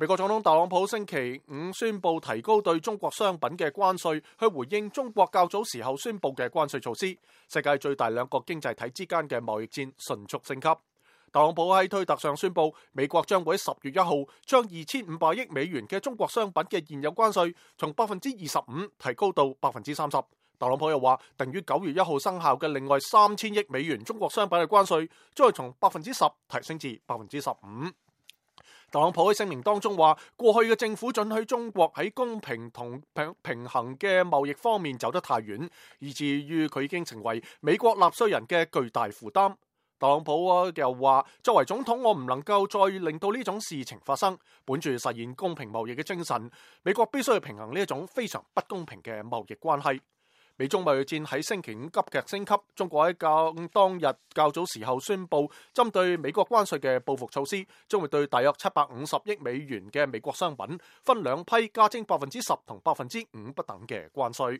美國總統特朗普星期五宣布提高對中國商品嘅關稅，去回應中國較早時候宣布嘅關稅措施。世界最大兩國經濟體之間嘅貿易戰迅速升級。特朗普喺推特上宣布，美國將會喺十月一號將二千五百億美元嘅中國商品嘅現有關稅從百分之二十五提高到百分之三十。特朗普又話，定於九月一號生效嘅另外三千億美元中國商品嘅關稅，將會從百分之十提升至百分之十五。特朗普喺聲明當中話，過去嘅政府准許中國喺公平同平平衡嘅貿易方面走得太遠，以至於佢已經成為美國納稅人嘅巨大負擔。特朗普啊，又話作為總統，我唔能夠再令到呢種事情發生。本住實現公平貿易嘅精神，美國必須去平衡呢一種非常不公平嘅貿易關係。美中貿易戰喺星期五急劇升級，中國喺教當日較早時候宣布，針對美國關稅嘅報復措施，將會對大約七百五十億美元嘅美國商品，分兩批加徵百分之十同百分之五不等嘅關稅。